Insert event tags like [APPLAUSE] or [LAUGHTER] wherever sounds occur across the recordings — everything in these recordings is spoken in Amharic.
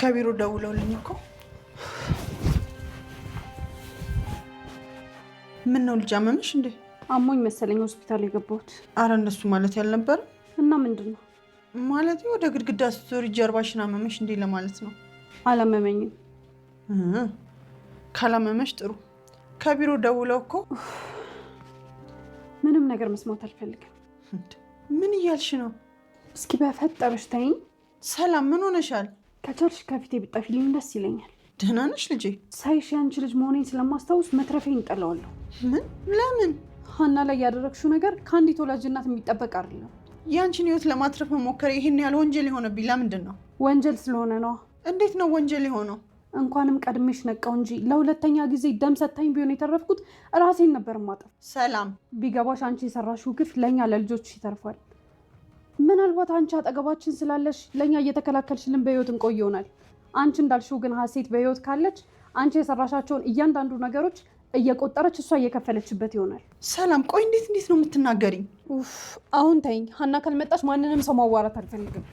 ከቢሮ ደውለውልኝ እኮ። ምን ነው ልጅ አመመሽ እንዴ? አሞኝ መሰለኝ ሆስፒታል የገባሁት። አረ እነሱ ማለት ያልነበረ እና ምንድን ነው ማለት ወደ ግድግዳ ስትዞሪ ጀርባሽን አመመሽ እንዴ ለማለት ነው። አላመመኝም። ካላመመሽ ጥሩ። ከቢሮ ደውለው እኮ ምንም ነገር መስማት አልፈልግም። ምን እያልሽ ነው? እስኪ በፈጠረሽ ተይኝ። ሰላም ምን ሆነሻል? ከቻልሽ ከፊቴ ብጠፊልኝ ደስ ይለኛል። ደህና ነሽ ልጄ? ሳይሽ ያንቺ ልጅ መሆኔን ስለማስታውስ መትረፌን እጠላዋለሁ። ምን? ለምን? ሀና ላይ ያደረግሽው ነገር ከአንዲት ወላጅ እናት የሚጠበቅ አይደለም። ያንቺን ህይወት ለማትረፍ መሞከር ይህን ያህል ወንጀል የሆነብኝ ለምንድን ነው? ወንጀል ስለሆነ ነዋ። እንዴት ነው ወንጀል የሆነው? እንኳንም ቀድሜሽ ነቃው እንጂ ለሁለተኛ ጊዜ ደም ሰታኝ ቢሆን የተረፍኩት ራሴን ነበር ማጠፍ። ሰላም ቢገባሽ አንቺ የሰራሽው ግፍ ለእኛ ለልጆች ይተርፋል። ምናልባት አንቺ አጠገባችን ስላለሽ ለእኛ እየተከላከልሽልን በህይወት እንቆይ ይሆናል። አንቺ እንዳልሽው ግን ሀሴት በህይወት ካለች አንቺ የሰራሻቸውን እያንዳንዱ ነገሮች እየቆጠረች እሷ እየከፈለችበት ይሆናል። ሰላም ቆይ፣ እንዴት እንዴት ነው የምትናገሪኝ? አሁን ተይኝ ሀና፣ ካልመጣች ማንንም ሰው ማዋራት አልፈልግም።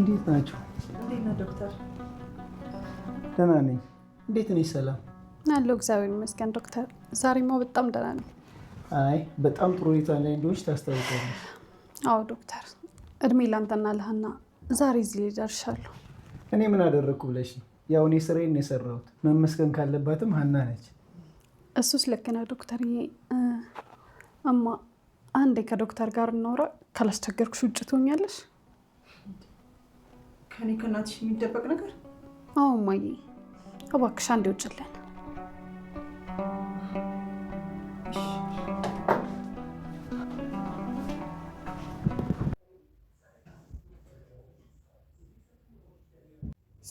እንዴት ናቸው? ደህና ነኝ። እንዴት ነሽ ሰላም? አለው እግዚአብሔር ይመስገን። ዶክተር ዛሬማ በጣም ደህና ነው። አይ በጣም ጥሩ ሁኔታ ላይ እንደሆንሽ ታስታውቂያለሽ። አዎ ዶክተር፣ እድሜ ላንተና ለሀና ዛሬ እዚህ ላይ እኔ ምን አደረግኩ ብለሽ ነው? ያው እኔ ስራዬን የሰራሁት መመስገን ካለባትም ሀና ነች። እሱስ ልክ ነው ዶክተር። እማ አንዴ ከዶክተር ጋር እናውራ። ካላስቸገርኩሽ ውጭ ትሆኛለሽ። ከእኔ ከእናትሽ የሚደበቅ ነገር? አዎ እማዬ፣ እባክሽ አንዴ ውጭልን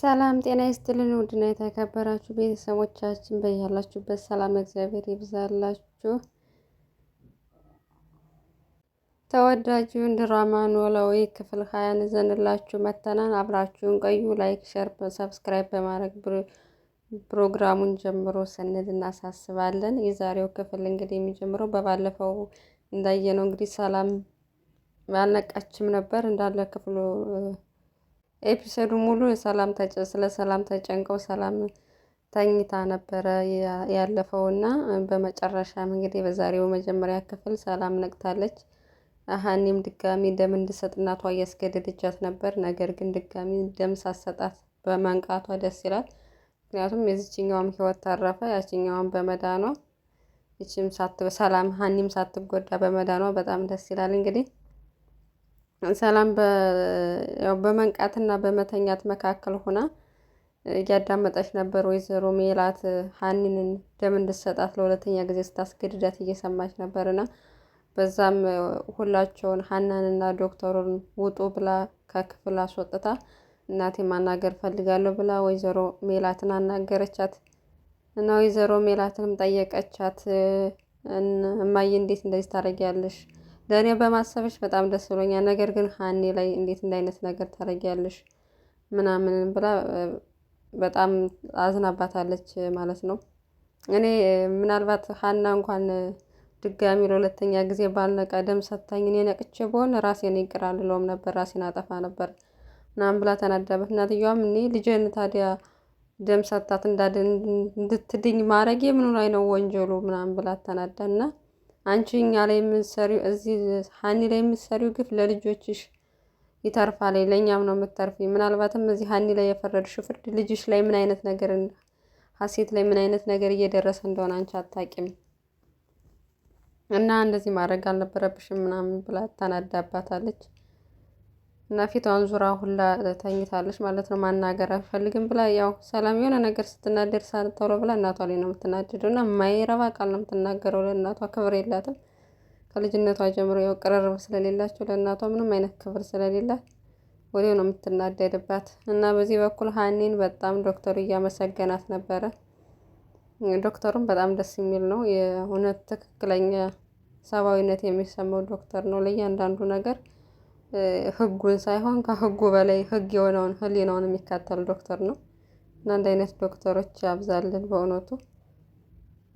ሰላም ጤና ይስጥልን ውድና የተከበራችሁ ቤተሰቦቻችን በያላችሁበት ሰላም እግዚአብሔር ይብዛላችሁ። ተወዳጁን ድራማ ኖላዊ ክፍል ሀያን ዘንላችሁ መተናን። አብራችሁን ቆዩ። ላይክ፣ ሸር፣ ሰብስክራይብ በማድረግ ፕሮግራሙን ጀምሮ ስንል እናሳስባለን። የዛሬው ክፍል እንግዲህ የሚጀምረው በባለፈው እንዳየነው እንግዲህ ሰላም አልነቃችም ነበር እንዳለ ክፍሉ ኤፒሶዱ ሙሉ ሰላም ስለ ሰላም ተጨንቀው ሰላም ተኝታ ነበረ ያለፈው እና በመጨረሻም እንግዲህ በዛሬው መጀመሪያ ክፍል ሰላም ነቅታለች። ሀኒም ድጋሚ ደም እንድሰጥ እናቷ እያስገደደቻት ነበር። ነገር ግን ድጋሚ ደም ሳሰጣት በመንቃቷ ደስ ይላል። ምክንያቱም የዚችኛዋም ህይወት ተረፈ፣ ያችኛዋም በመዳኗ ይችም ሰላም ሀኒም ሳትጎዳ በመዳኗ በጣም ደስ ይላል እንግዲህ ሰላም በመንቃትና በመተኛት መካከል ሆና እያዳመጠች ነበር። ወይዘሮ ሜላት ሀኒንን ደም እንድሰጣት ለሁለተኛ ጊዜ ስታስገድዳት እየሰማች ነበርና በዛም ሁላቸውን ሀናንና ዶክተሩን ውጡ ብላ ከክፍል አስወጥታ እናቴ ማናገር ፈልጋለሁ ብላ ወይዘሮ ሜላትን አናገረቻት እና ወይዘሮ ሜላትንም ጠየቀቻት። እማዬ እንዴት እንደዚህ ታደርጊያለሽ? ለእኔ በማሰብሽ በጣም ደስ ብሎኛል። ነገር ግን ሀኔ ላይ እንዴት እንደ አይነት ነገር ታደርጊያለሽ ምናምን ብላ በጣም አዝናባታለች ማለት ነው። እኔ ምናልባት ሀና እንኳን ድጋሚ ለሁለተኛ ጊዜ ባልነቃ ደም ሰታኝ እኔ ነቅቼ በሆን ራሴን ይቅር አልለውም ነበር፣ ራሴን አጠፋ ነበር ምናምን ብላ ተናዳበት። እናትየዋም እኔ ልጄን ታዲያ ደም ሰታት እንድትድኝ ማድረጌ ምኑ ላይ ነው ወንጀሉ ምናምን ብላ ተናዳና አንቺ እኛ ላይ የምትሰሪው እዚህ ሀኒ ላይ የምትሰሪው ግፍ ለልጆችሽ ይተርፋል፣ ለእኛም ነው የምትተርፊ። ምናልባትም እዚህ ሀኒ ላይ የፈረድሽ ፍርድ ልጅሽ ላይ ምን አይነት ነገር ሀሴት ላይ ምን አይነት ነገር እየደረሰ እንደሆነ አንቺ አታቂም እና እንደዚህ ማድረግ አልነበረብሽም ምናምን ብላ ታናዳባታለች። እና ፊቷን ዙራ ሁላ ተኝታለች ማለት ነው። ማናገር አልፈልግም ብላ ያው ሰላም የሆነ ነገር ስትናደድ ሳንተውሎ ብላ እናቷ ላይ ነው የምትናደደው እና ማይረባ ቃል ነው የምትናገረው። ለእናቷ ክብር የላትም። ከልጅነቷ ጀምሮ ያው ቅርርብ ስለሌላቸው ለእናቷ ምንም አይነት ክብር ስለሌላት ወዲያው ነው የምትናደድባት እና በዚህ በኩል ሀኒን በጣም ዶክተሩ እያመሰገናት ነበረ። ዶክተሩም በጣም ደስ የሚል ነው። የእውነት ትክክለኛ ሰብአዊነት የሚሰማው ዶክተር ነው ለእያንዳንዱ ነገር ህጉን ሳይሆን ከህጉ በላይ ህግ የሆነውን ህሊናውን የሚካተል ዶክተር ነው እና አንድ አይነት ዶክተሮች ያብዛልን በእውነቱ።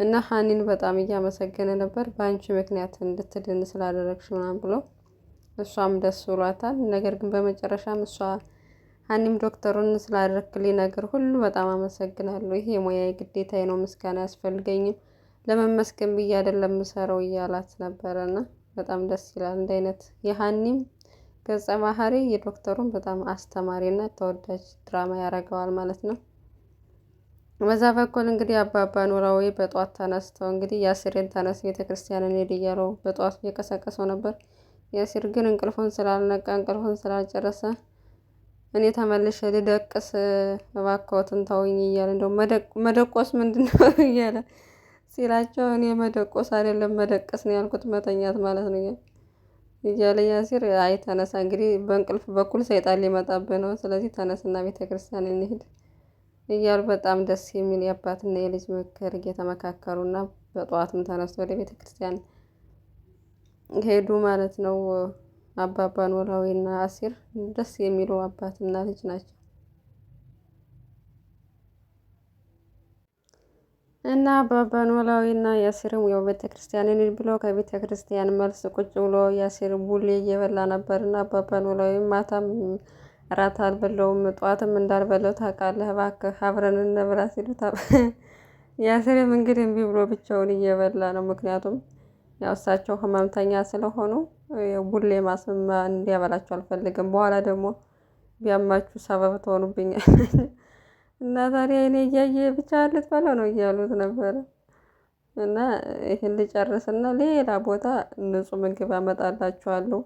እና ሀኒን በጣም እያመሰገነ ነበር በአንቺ ምክንያት እንድትድን ስላደረግሽ ምናምን ብሎ እሷም ደስ ብሏታል። ነገር ግን በመጨረሻም እሷ ሀኒም ዶክተሩን ስላደረክልኝ ነገር ሁሉ በጣም አመሰግናለሁ፣ ይህ የሙያ ግዴታዬ ነው፣ ምስጋና አያስፈልገኝም፣ ለመመስገን ብዬ አይደለም የምሰራው እያላት ነበረና በጣም ደስ ይላል። እንደ አይነት የሀኒም ገጸ ባህሪ የዶክተሩን በጣም አስተማሪ አስተማሪና ተወዳጅ ድራማ ያደርገዋል ማለት ነው። በዛ በኩል እንግዲህ አባባ ኖላዊ በጠዋት ተነስተው እንግዲህ ያሲርን ተነስ ቤተክርስቲያንን ሄድ እያለው በጧት እየቀሰቀሰው ነበር። ያሲር ግን እንቅልፉን ስላልነቃ እንቅልፉን ስላልጨረሰ እኔ ተመልሼ ልደቅስ እባክዎትን ተውኝ እያለ እንደው መደቆስ ምንድን ነው እያለ ሲላቸው እኔ መደቆስ አይደለም መደቀስ ነው ያልኩት መተኛት ማለት ነው እያለ እያለ ያሲር አይ ተነሳ፣ እንግዲህ በእንቅልፍ በኩል ሰይጣን ሊመጣብህ ነው፣ ስለዚህ ተነስና ቤተክርስቲያን እንሂድ እያሉ በጣም ደስ የሚል የአባትና የልጅ ምክር እየተመካከሩና በጠዋትም ተነስቶ ወደ ክርስቲያን ሄዱ ማለት ነው። አባባ ኖላዊና አሲር ደስ የሚሉ አባትና ልጅ ናቸው። እና አባባ ኖላዊና ያሲርም ያው ክርስቲያን እንሂድ ብሎ ከቤተ ክርስቲያን መልስ ቁጭ ብሎ ያሲር ቡሌ እየበላ ነበር። እና አባባ ኖላዊ ማታም እራት አልበላውም ጠዋትም እንዳልበላው ታውቃለህ፣ እባክህ አብረን እንብላ ሲሉት ያሲርም [LAUGHS] እንግዲህ እምቢ ብሎ ብቻውን እየበላ ነው። ምክንያቱም ያው እሳቸው ህመምተኛ ስለሆኑ ቡሌ ማስም እንዲያበላቸው አልፈልግም፣ በኋላ ደግሞ ቢያማችሁ ሰበብ ትሆኑብኛል። [LAUGHS] እና ታዲያ እኔ እያየ ብቻ ልትበለው ነው እያሉት ነበረ። እና ይህን ልጨርስና ሌላ ቦታ ንጹህ ምግብ አመጣላችኋለሁ፣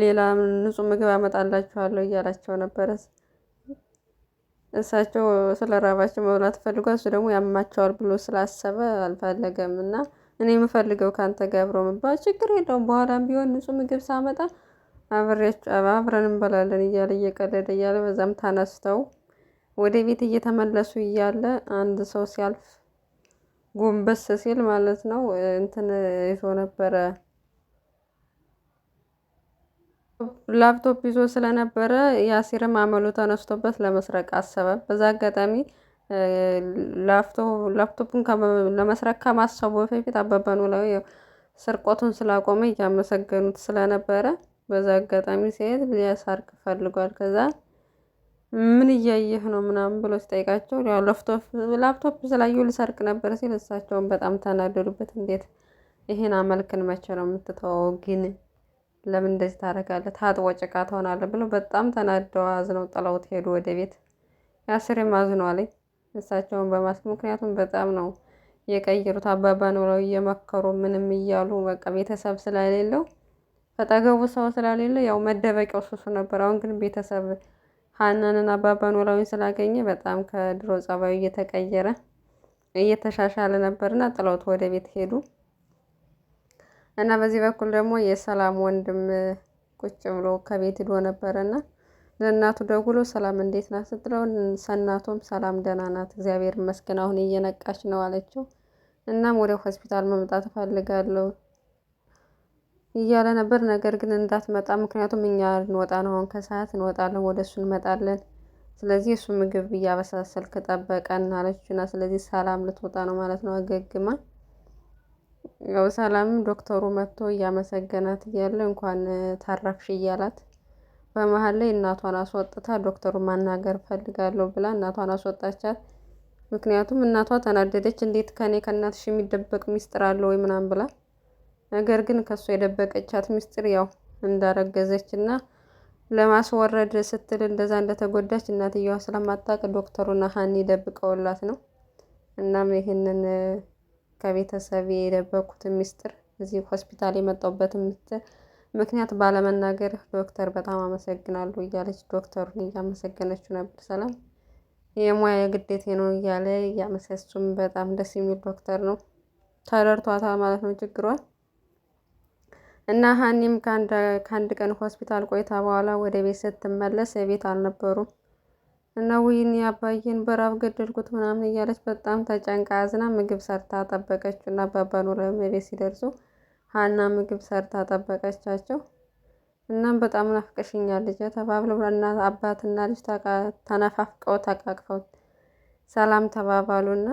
ሌላ ንጹህ ምግብ አመጣላችኋለሁ እያላቸው ነበረ። እሳቸው ስለ ራባቸው መብላት ፈልጓል። እሱ ደግሞ ያማቸዋል ብሎ ስላሰበ አልፈለገም እና እኔ የምፈልገው ከአንተ ጋር አብሮ ችግር የለውም፣ በኋላም ቢሆን ንጹህ ምግብ ሳመጣ አብሬች አብረን እንበላለን እያለ እየቀለደ እያለ በዛም ተነስተው ወደ ቤት እየተመለሱ እያለ አንድ ሰው ሲያልፍ ጎንበስ ሲል ማለት ነው እንትን ይዞ ነበረ ላፕቶፕ ይዞ ስለነበረ ያሲርም አመሉ ተነስቶበት ለመስረቅ አሰበ። በዛ አጋጣሚ ላፕቶፑን ለመስረቅ ከማሰቡ በፊት አበበኑ ላይ ስርቆቱን ስላቆመ እያመሰገኑት ስለነበረ በዛ አጋጣሚ ሲሄድ ሊያሳርቅ ፈልጓል። ከዛ ምን እያየህ ነው ምናምን ብሎ ሲጠይቃቸው ያው ላፕቶፕ ስላየሁ ልሰርቅ ነበር ሲል እሳቸውን በጣም ተናደዱበት። እንዴት ይህን አመልክን መቼ ነው የምትተወው? ግን ለምን እንደዚህ ታደርጋለህ? ታጥቦ ጭቃ ትሆናለህ ብሎ በጣም ተናደው አዝነው ጥለውት ሄዱ ወደ ቤት። ያስሬም አዝኗል እሳቸውን በማስ ምክንያቱም በጣም ነው የቀየሩት። አባባ ኖላዊ እየመከሩ ምንም እያሉ በቃ ቤተሰብ ስለሌለው አጠገቡ ሰው ስለሌለ ያው መደበቂያው ሱሱ ነበር። አሁን ግን ቤተሰብ ሀናንን አባባ ኖላዊን ስላገኘ በጣም ከድሮ ጸባዩ እየተቀየረ እየተሻሻለ ነበርና ጥለውት ወደ ቤት ሄዱ እና በዚህ በኩል ደግሞ የሰላም ወንድም ቁጭ ብሎ ከቤት ሂዶ ነበረና ለእናቱ ደውሎ ሰላም እንዴት ናት ስትለው ሰናቶም ሰላም ደህና ናት እግዚአብሔር ይመስገን አሁን እየነቃች ነው አለችው። እናም ወደ ሆስፒታል መምጣት እፈልጋለሁ እያለ ነበር። ነገር ግን እንዳትመጣ ምክንያቱም እኛ እንወጣ ነው አሁን ከሰዓት እንወጣለን፣ ወደ እሱ እንመጣለን። ስለዚህ እሱ ምግብ እያበሳሰል ከጠበቀን አለችና፣ ስለዚህ ሰላም ልትወጣ ነው ማለት ነው አገግማ። ያው ሰላም ዶክተሩ መጥቶ እያመሰገናት እያለ እንኳን ታረፍሽ እያላት በመሀል ላይ እናቷን አስወጥታ ዶክተሩ ማናገር ፈልጋለሁ ብላ እናቷን አስወጣቻት። ምክንያቱም እናቷ ተናደደች። እንዴት ከኔ ከእናትሽ የሚደበቅ ሚስጥር አለ ወይ ምናምን ብላ ነገር ግን ከእሷ የደበቀቻት ምስጢር ያው እንዳረገዘች እና ለማስወረድ ስትል እንደዛ እንደተጎዳች እናትየዋ ስለማታውቅ ዶክተሩና ሀኒ ደብቀውላት ነው። እናም ይህንን ከቤተሰብ የደበቁት ምስጢር እዚህ ሆስፒታል የመጣሁበትን ምስጢር ምክንያት ባለመናገር ዶክተር በጣም አመሰግናለሁ እያለች ዶክተሩን እያመሰገነችው ነበር። ሰላም የሙያ ግዴቴ ነው እያለ እያመሰሱም በጣም ደስ የሚል ዶክተር ነው። ተረድቷታል ማለት ነው ችግሯል። እና ሀኒም ከአንድ ቀን ሆስፒታል ቆይታ በኋላ ወደ ቤት ስትመለስ ቤት አልነበሩም። እና ውይኔ አባዬን በራብ ገደልኩት ምናምን እያለች በጣም ተጨንቃ አዝና ምግብ ሰርታ ጠበቀችው እና አባባ ኖላዊ ቤት ሲደርሱ ሀና ምግብ ሰርታ ጠበቀቻቸው። እናም በጣም ናፍቀሽኛል ልጄ ተባብለው እና አባትና ልጅ ተነፋፍቀው ተቃቅፈው ሰላም ተባባሉና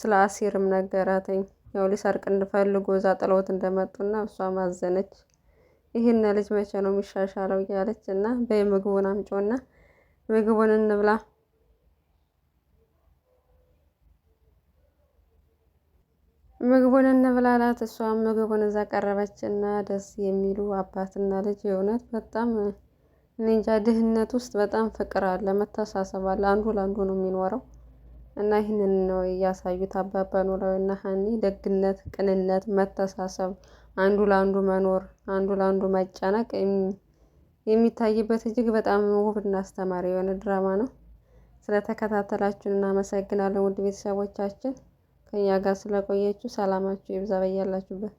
ስለ አሲርም ነገራትኝ። ያው ሊሰርቅ እንፈልጎ እዛ ጥለውት እንደመጡና እሷ ማዘነች። ይህን ልጅ መቼ ነው የሚሻሻለው እያለች እና በይ ምግቡን አምጪውና ምግቡን እንብላ ምግቡን እንብላላት። እሷም ምግቡን እዛ ቀረበች እና ደስ የሚሉ አባትና ልጅ የእውነት በጣም እኔ እንጃ ድህነት ውስጥ በጣም ፍቅር አለ፣ መተሳሰብ አለ። አንዱ ለአንዱ ነው የሚኖረው። እና ይህንን ነው እያሳዩት አባባ እና ሀኒ ደግነት፣ ቅንነት፣ መተሳሰብ፣ አንዱ ለአንዱ መኖር፣ አንዱ ለአንዱ መጨነቅ የሚታይበት እጅግ በጣም ውብና አስተማሪ የሆነ ድራማ ነው። ስለተከታተላችሁን እናመሰግናለን ውድ ቤተሰቦቻችን። ከኛ ጋር ስለቆየችው ሰላማችሁ ይብዛ በያላችሁበት።